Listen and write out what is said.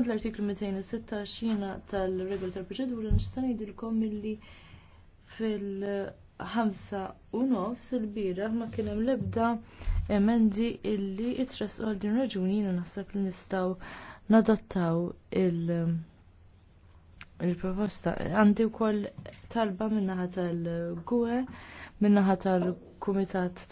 Skont l-artiklu 216 tal-regol tal-proċedura nista' ngħidilkom milli fil 5 u nofs il bieraħ ma kien hemm l-ebda emendi illi itres għal din raġuni jiena naħseb li nistgħu nadattaw il- il-proposta. Għandi wkoll talba min-naħa tal-GUE, min-naħa tal-Kumitat